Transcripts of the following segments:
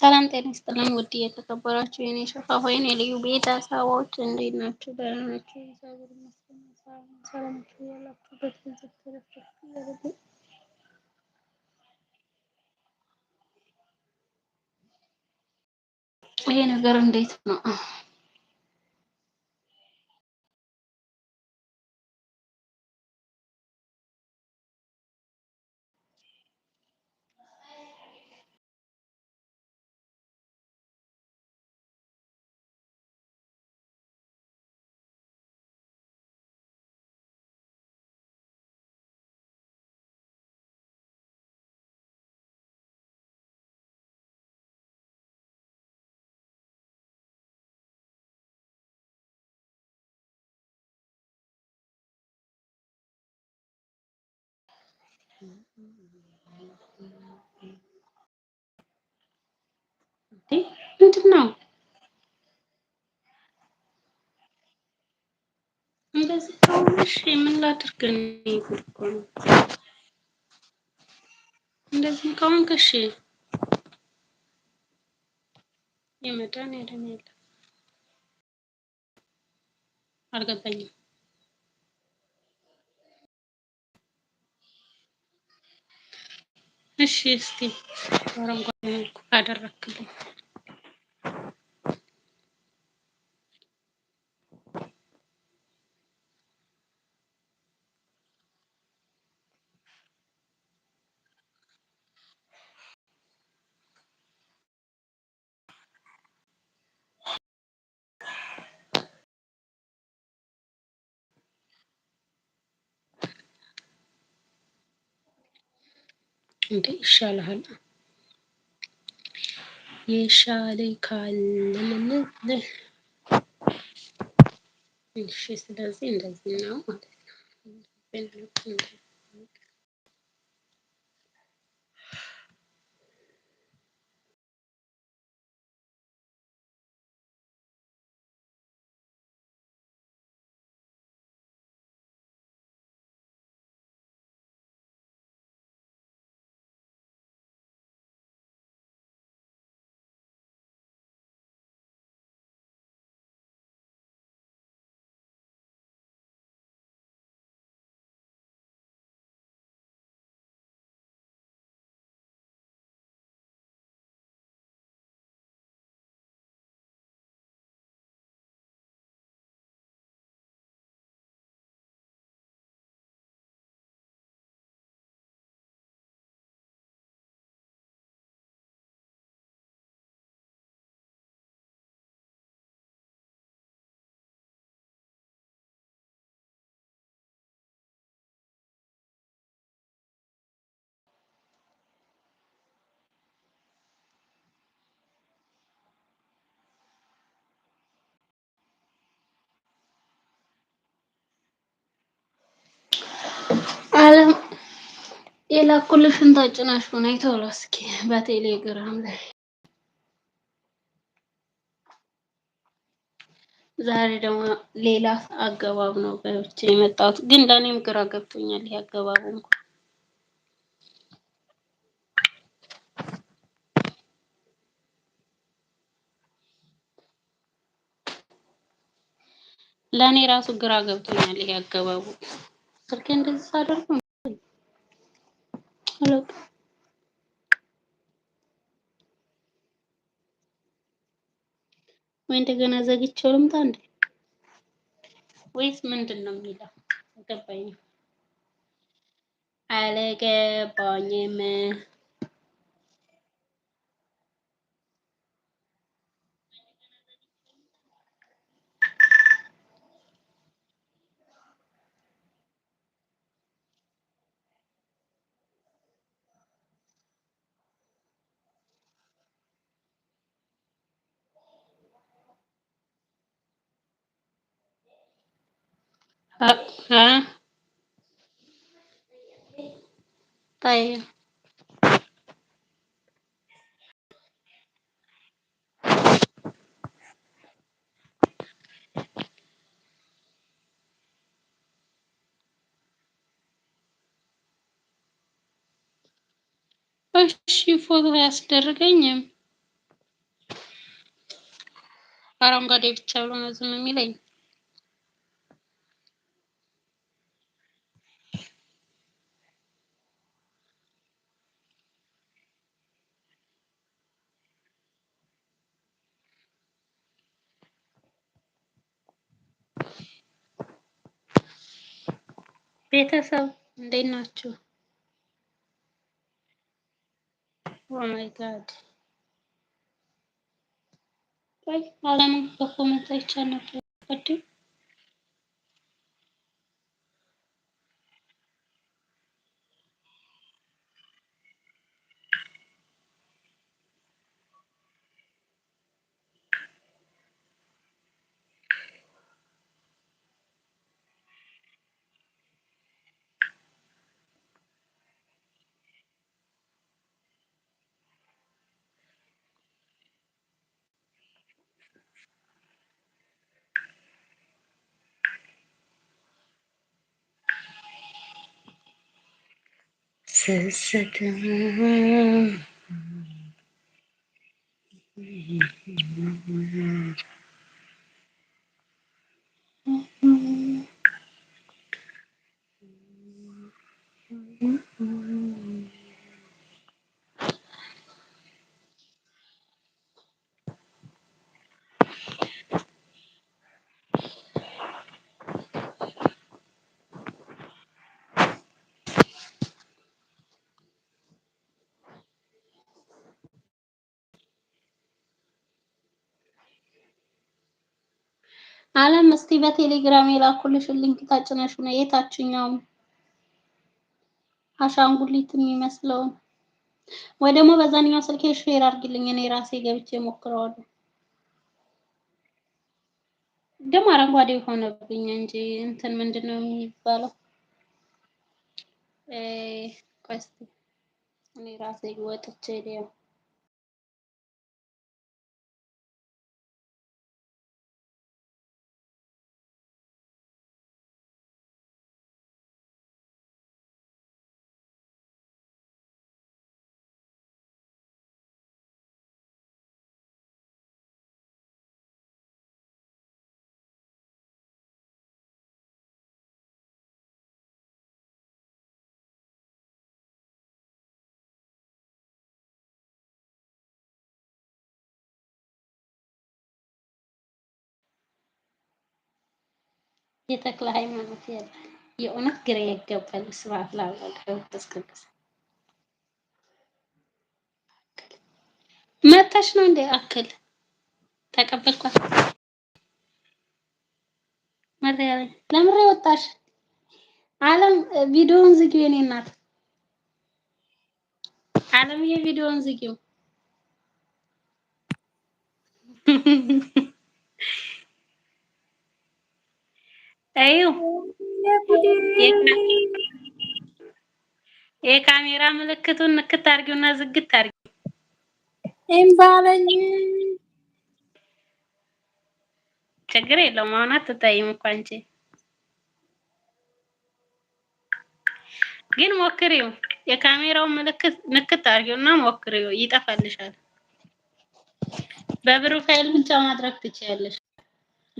ሰላም ጤና ይስጥልን ውድ የተከበራችሁ የኔ ሸፋ ሆይን የልዩ ቤተሰቦች እንዴት ናችሁ? ደህና ናችሁ? እግዚአብሔር ይመስገን ሰላም ያላችሁበት ገንዘብ ተረፍረፍ ያደረጉ ይሄ ነገር እንዴት ነው? ምንድን ነው እንደዚህ ታውሽ? ምን ላድርግ? ጉድ እኮ ነው። እንደዚህ ከሆንክ እሺ፣ የመዳን ያለን የለም። አልገባኝም። እሺ እስቲ አረንጓዴ ካደረክልኝ እንዴ ይሻልሃል የሻለ ካልልልህ እሺ። ስለዚህ እንደዚህ ነው ማለት ነው። የላኩልሽን ታጭናሽ ሆነ ቶሎ እስኪ በቴሌግራም ላይ ዛሬ ደግሞ ሌላ አገባብ ነው በብቻ የመጣሁት፣ ግን ለእኔም ግራ ገብቶኛል። ይሄ አገባብ እንኳ ለእኔ ራሱ ግራ ገብቶኛል። ይሄ አገባቡ ስልኬ እንደዚህ አደርጉ አላውቅም። ወይ እንደገና ዘግቼው ልምጣ እንዴ? ወይስ ምንድን ነው የሚለው? አልገባኝም አልገባኝም። Hả? Tay Și fără să regăim. Aram gadevitelul ቤተሰብ እንዴት ናችሁ? ኦማይ ጋድ ወይ አለምን በኮመንት አይቻል ነበር ቅድም The sit down. አለም እስቲ በቴሌግራም የላኩልሽ ሊንክ ታጭነሽ ነው የታችኛው አሻንጉሊት የሚመስለውን ወይ ደግሞ በዛኛው ስልኬ ሼር አድርጊልኝ። እኔ ራሴ ገብቼ ሞክረዋለሁ። ደግሞ አረንጓዴ ሆነብኝ እንጂ እንትን ምንድን ነው የሚባለው? እኔ ራሴ ወጥቼ የተክለ ሃይማኖት ያለ የእውነት ግራ ያጋባል። ስብሐት ለአምላክ ወቅዱስ ቅዱስ መታች ነው እንደ አክል ተቀበልኳት። ማርያም ለምሬ ወጣሽ አለም ቪዲዮውን ዝጊው። የኔ እናት አለም የቪዲዮውን ዝጊው። እዩ የካሜራ ምልክቱን ንክት እና ዝግት አድርጊው። እምባለኝ ችግር የለውም። አሁን አትታይም እኮ አንቺ ግን ሞክሪው። የካሜራውን ምልክት ንክት አድርጊውና ሞክሪው፣ ይጠፋልሻል። በብሩ ፋይል ብቻ ማድረግ ትችያለሽ።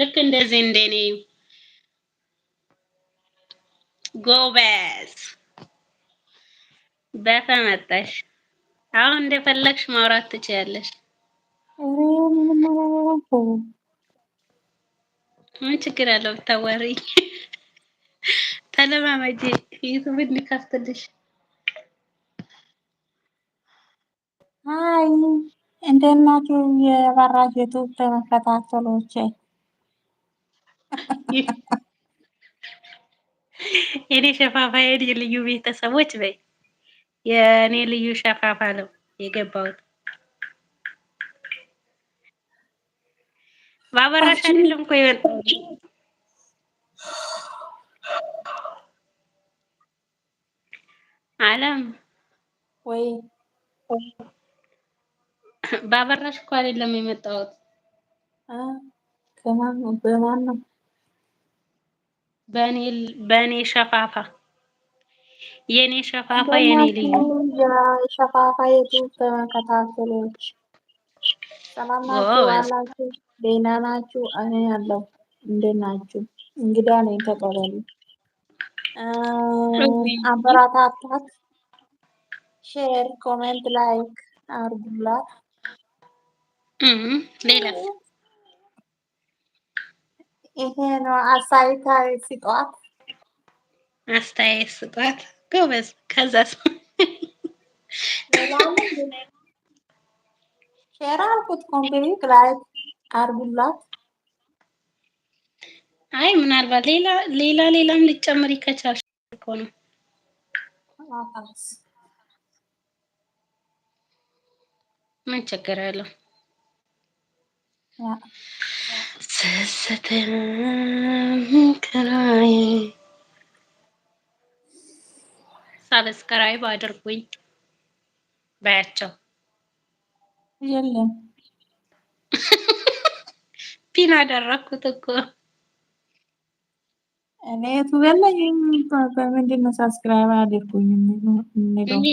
ልክ እንደዚህ እንደኔ ጎበዝ በተመጣሽ አሁን እንደፈለግሽ ማውራት ትችያለሽ። ምን ችግር አለው ብታወሪ? ተለማመጂ። ዩቱብ እንከፍትልሽ። አይ እንደት ናችሁ? የበራሽ ዩቱብ ተከታተሎቼ የኔ ሸፋፋ የኔ ልዩ ቤተሰቦች በይ። የእኔ ልዩ ሸፋፋ ነው የገባሁት። ባበራሽ አይደለም እኮ ይወጣው። አለም ወይ ባበራሽ እኮ አይደለም የመጣሁት። በማን ነው በእኔ ሸፋፋ የኔ ሸፋፋ የኔ ልዩ ሸፋፋ የቱ ተከታተሎች ሰላም ደህና ናችሁ? እኔ ያለው እንዴት ናችሁ? እንግዳ ነኝ ተቀበሉ። አበራታታት፣ ሼር፣ ኮሜንት፣ ላይክ አርጉላት ሌላ ይሄ ነው ስጧት፣ አስተያየት ስጧት። ጎበዝ። ሼር አልኩት፣ ኮምፕሊት ላይክ አርጉላት። አይ ምናልባት ሌላ ሌላ ሌላም እኮ ነው። ምን ችግር አለው? ስስትን ከላይ ሰብስክራይብ አድርጉኝ በያቸው። የለም ፒን አደረኩት እኮ እኔ ዩቱብ በምንድን ነው ሰብስክራይብ አድርጉኝ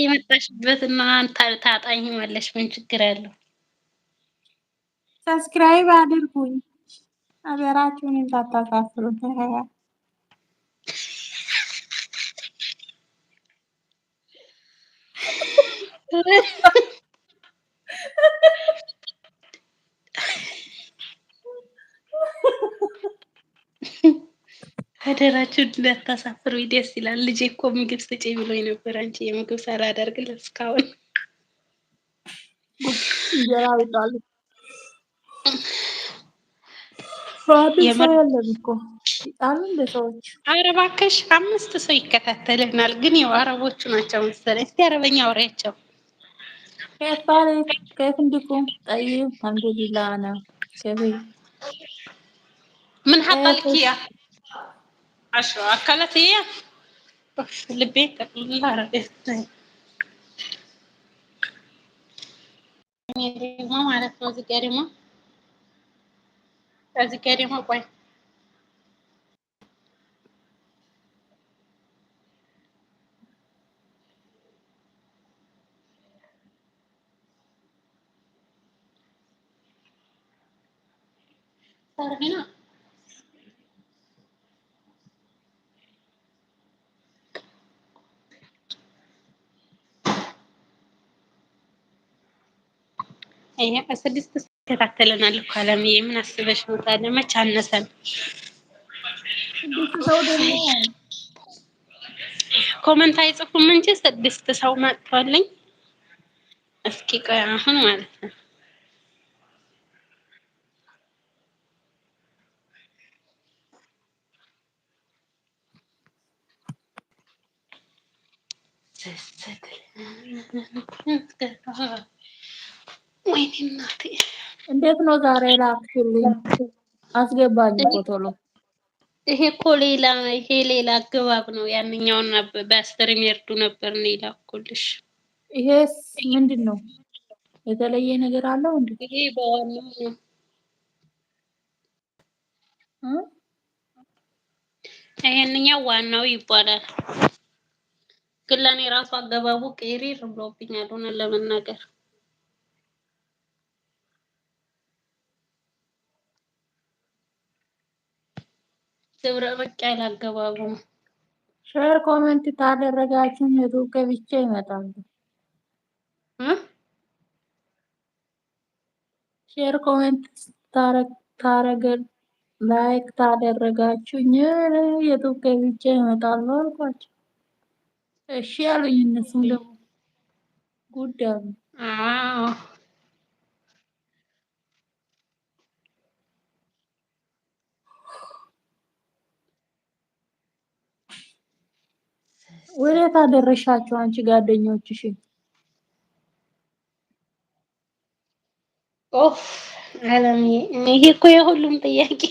የመጣሽበት እና ታጣኝ መለሽ? ምን ችግር አለው? ሰብስክራይብ አድርጉኝ። ሀገራችሁን እንዳታሳፍሩ። ሀገራችሁን እንዳታሳፍሩ። ደስ ይላል። ልጄ እኮ ምግብ ስጪ ብሎኝ ነበር። አንቺ የምግብ ሰራ አደርግለት እስካሁን ኧረ እባክሽ አምስት ሰው ይከታተልናል፣ ግን ያው አረቦቹ ናቸው መሰለኝ። እስኪ አረበኛ አውሪያቸው። ከየት እንዲኩም ጠይብ አልሐምዱሊላህ ነው ምን ሀጣልኪያ አሽሮ አካላትዬ ልቤ ጠቅልላ ማለት ነው እዚህ ደግሞ adquirem uma coisa. Para tá Renan. ስድስት ተከታተለናል እኮ አለምዬ፣ ምን አስበሽ ነው ታዲያ? መቼ አነሰን? ስድስት ሰው ደግሞ ኮመንት አይጽፉም እንጂ ስድስት ሰው መጥቷልኝ። እስኪ ቆይ አሁን ማለት ነው ስድስት ወይኔ እናቴ እንዴት ነው ዛሬ ላክሽልኝ? አስገባኝ ቶሎ። ይሄ እኮ ሌላ ይሄ ሌላ አገባብ ነው። ያንኛውን በአስር የሚያርዱ ነበር እኔ ላኩልሽ። ይሄስ ምንድን ነው? የተለየ ነገር አለው እንዴ? ይሄ በዋናው ነው። ይሄንኛው ዋናው ይባላል። ግን ለእኔ ራሱ አገባቡ ቅሪር ብሎብኛል ሆነ ለመናገር ዝብርቅርቅ ያለ አገባቡ ነው። ሼር ኮሜንት ታደረጋችሁ ዩቱብ ገብቼ ይመጣሉ። ሼር ኮሜንት ታረገ ላይክ ታደረጋችሁ ዩቱብ ገብቼ ይመጣሉ አልኳቸው። እሺ ያሉኝ እነሱም ደግሞ ጉድ አሉ። ወዴት አደረሻቸው አንቺ ጓደኞችሽን? ኦፍ አለምዬ፣ ይሄ እኮ የሁሉም ጥያቄ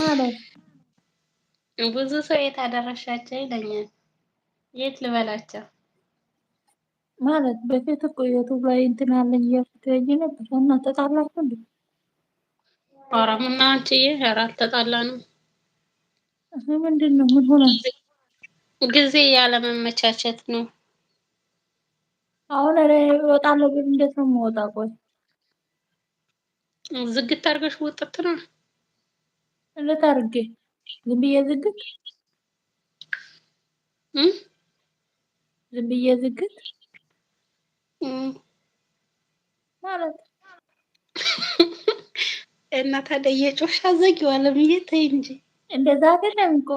ማለት ብዙ ሰው የት አደረሻቸው ይለኛል። የት ልበላቸው ማለት በፊት እኮ ዩቱብ ላይ እንትን አለኝ እያልኩት ነበር እና ተጣላችሁ እንዴ? ኧረ ምነው አንቺዬ፣ ኧረ አልተጣላንም ምንድን ነው? ምን ሆነ? ጊዜ ያለመመቻቸት ነው። አሁን እኔ እወጣለሁ ግን እንዴት ነው የምወጣው? ቆይ ዝግት አድርገሽ ውጥት ነው። እንዴት አድርጌ ዝም ብዬ ዝግት ዝም ብዬ ዝግት ማለት እና ታዲያ እየጮሻ ዘጊው እየተይ እንጂ እንደዛ አይደለም እኮ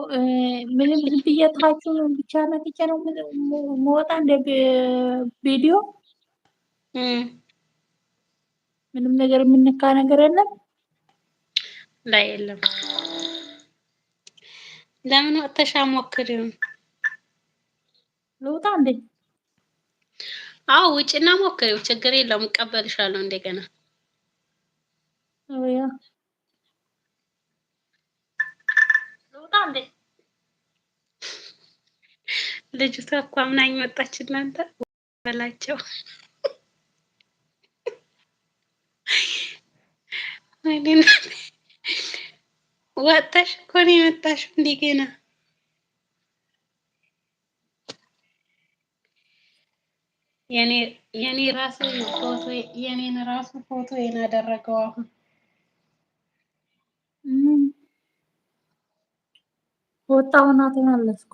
ምንም ዝም ብዬ ታችሁን ብቻ መጥቼ ነው መወጣ እንደ ቪዲዮ ምንም ነገር የምንካ ነገር የለም ላይ የለም። ለምን ወጥተሻ ሞክሪው። ልውጣ እንዴ? አዎ ውጭና ሞክሪው። ችግር የለውም። እቀበልሻለሁ እንደገና ወጣ እንዴ? ልጅቷ እኮ አምናኝ መጣች። እናንተ በላቸው። ወጣሽ እኮ ነው የመጣሽው እንዴ? የኔ ራሱ ፎቶ የኔን ራሱ ፎቶ የናደረገው አሁን ወጣሁና ተመለስኩ።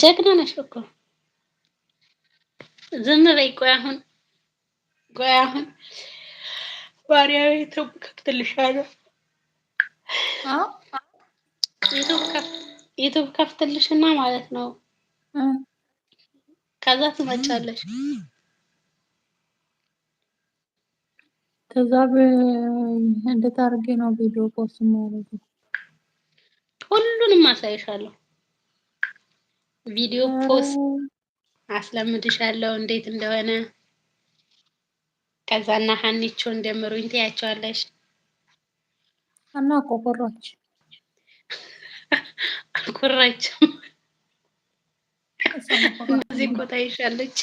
ጀግና ነሽ እኮ ዝም በይ። ቆይ አሁን ቆይ አሁን ባሪያው ዩቱብ ከፍትልሻለሁ። ዩቱብ ከፍትልሽና ማለት ነው። ከዛ ትመጫለሽ። ከዛ እንዴት አድርጌ ነው ቪዲዮ ፖስት ማለት ነው። ሁሉንም አሳይሻለሁ። ቪዲዮ ፖስት አስለምድሻለሁ እንዴት እንደሆነ። ከዛና ሀኒቾ እንደምሩኝ ትያቸዋለሽ። እና ኮኮሮች አልኮራችም። እዚህ ቆጣ ይሻለች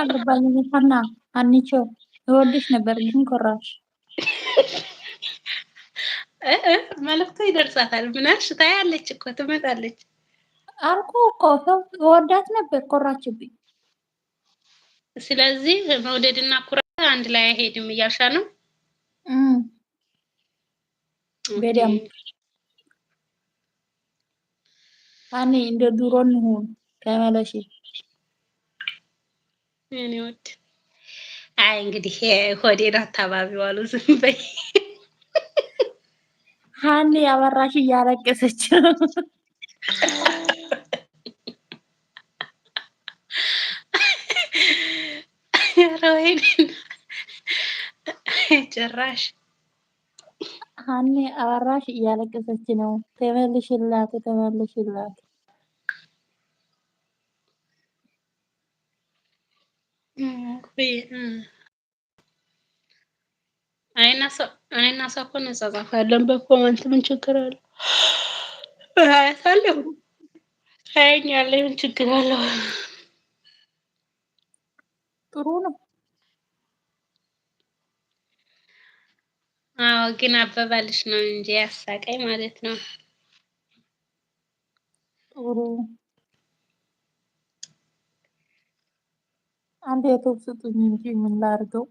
አልባኝ ሀና ሀኒቾ እወድሽ ነበር ግን ኮራሽ። መልዕክቱ ይደርሳታል። ምናልሽ ታያለች እኮ ትመጣለች። አልኩ እኮ ሰው ወዳት ነበር ኮራችብኝ። ስለዚህ መውደድና ኩራት አንድ ላይ አይሄድም እያልሻ ነው። በደምብ አኔ እንደ ድሮ እንሁን ከመለሽ እኔ ወድ አይ እንግዲህ ሆዴን አታባቢዋሉ ዝም በይ ሀኒ አበራሽ እያለቀሰች ነው። ጭራሽ ሀኒ አበራሽ እያለቀሰች ነው። ተመልሽላት፣ ተመልሽላት። አይና እኔ እና እሷ እኮ እንጻጻፋለን በኮመንት ምን ችግር አለ? አያታለሁ ታየኛለህ። ምን ችግር አለው? ጥሩ ነው። አዎ ግን አበባልሽ ነው እንጂ ያሳቀኝ ማለት ነው። ጥሩ አንድ የቶብ እንጂ ምን ላርገው?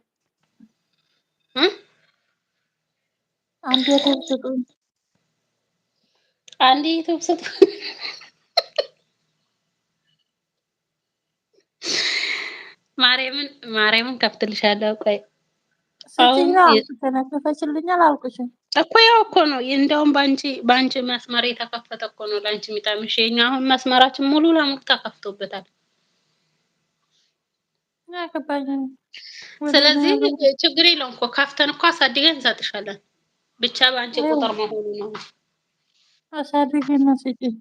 አንድ ዩቱብ ስጡኝ፣ አንድ ዩቱብ ስጡኝ። ማርያምን ማርያምን ከፍትልሻለሁ። ቆይ ተነፈፈችልኛል አልኩሽም እኮ ያው እኮ ነው። እንደውም በአንቺ በአንቺ መስመር የተከፈተ እኮ ነው ለአንቺ የሚጠምሽ። የኛ አሁን መስመራችን ሙሉ ለሙሉ ተከፍቶበታል። ስለዚህ ችግር የለውም እኮ ከፍተን እኮ አሳድገን እንሰጥሻለን። ብቻ በአንቺ ቁጥር መሆኑ ነው። አሳድጊና ስጪኝ።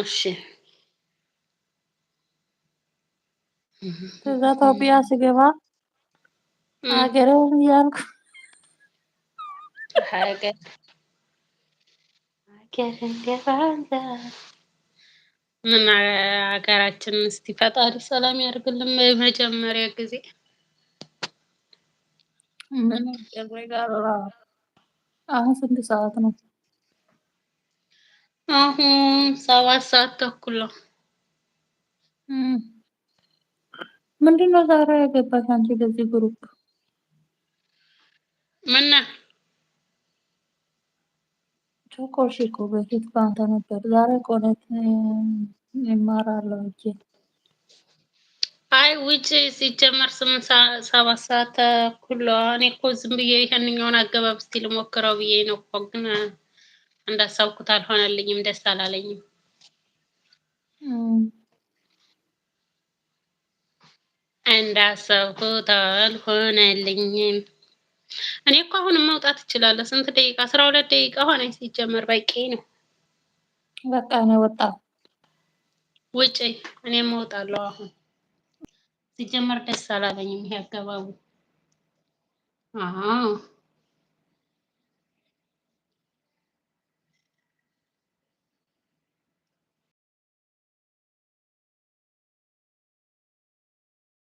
እሺ እዛ ኢትዮጵያ ስገባ ሀገሬን እያልኩ ሀገር ምን ሀገራችን እስቲ ፈጣሪ ሰላም ያድርግልን። መጀመሪያ ጊዜ አሁን ስንት ሰዓት ነው? አሁን ሰባት ሰዓት ተኩል ነው። ምንድን ነው ዛሬ ያገባሽ አንቺ በዚህ ግሩፕ? ምን ቸኮልሽ እኮ በፊት በአንተ ነበር። ዛሬ ቆነት ይማራለሁ እጄ አይ ውጭ ሲጀመር ስምንት ሰባት ሰዓት ተኩል። እኔ እኮ ዝም ብዬ ይህንኛውን አገባብ እስቲ ልሞክረው ብዬ ነው እኮ፣ ግን እንዳሳብኩት አልሆነልኝም፣ ደስ አላለኝም። እንዳሰብኩት አልሆነልኝም። እኔ እኮ አሁንም መውጣት እችላለሁ። ስንት ደቂቃ? አስራ ሁለት ደቂቃ ሆነ ሲጀመር፣ በቂ ነው። በቃ ነው ወጣ። ውጭ እኔም እወጣለሁ አሁን ሲጀመር ደስ አላለኝም ይሄ አገባቡ።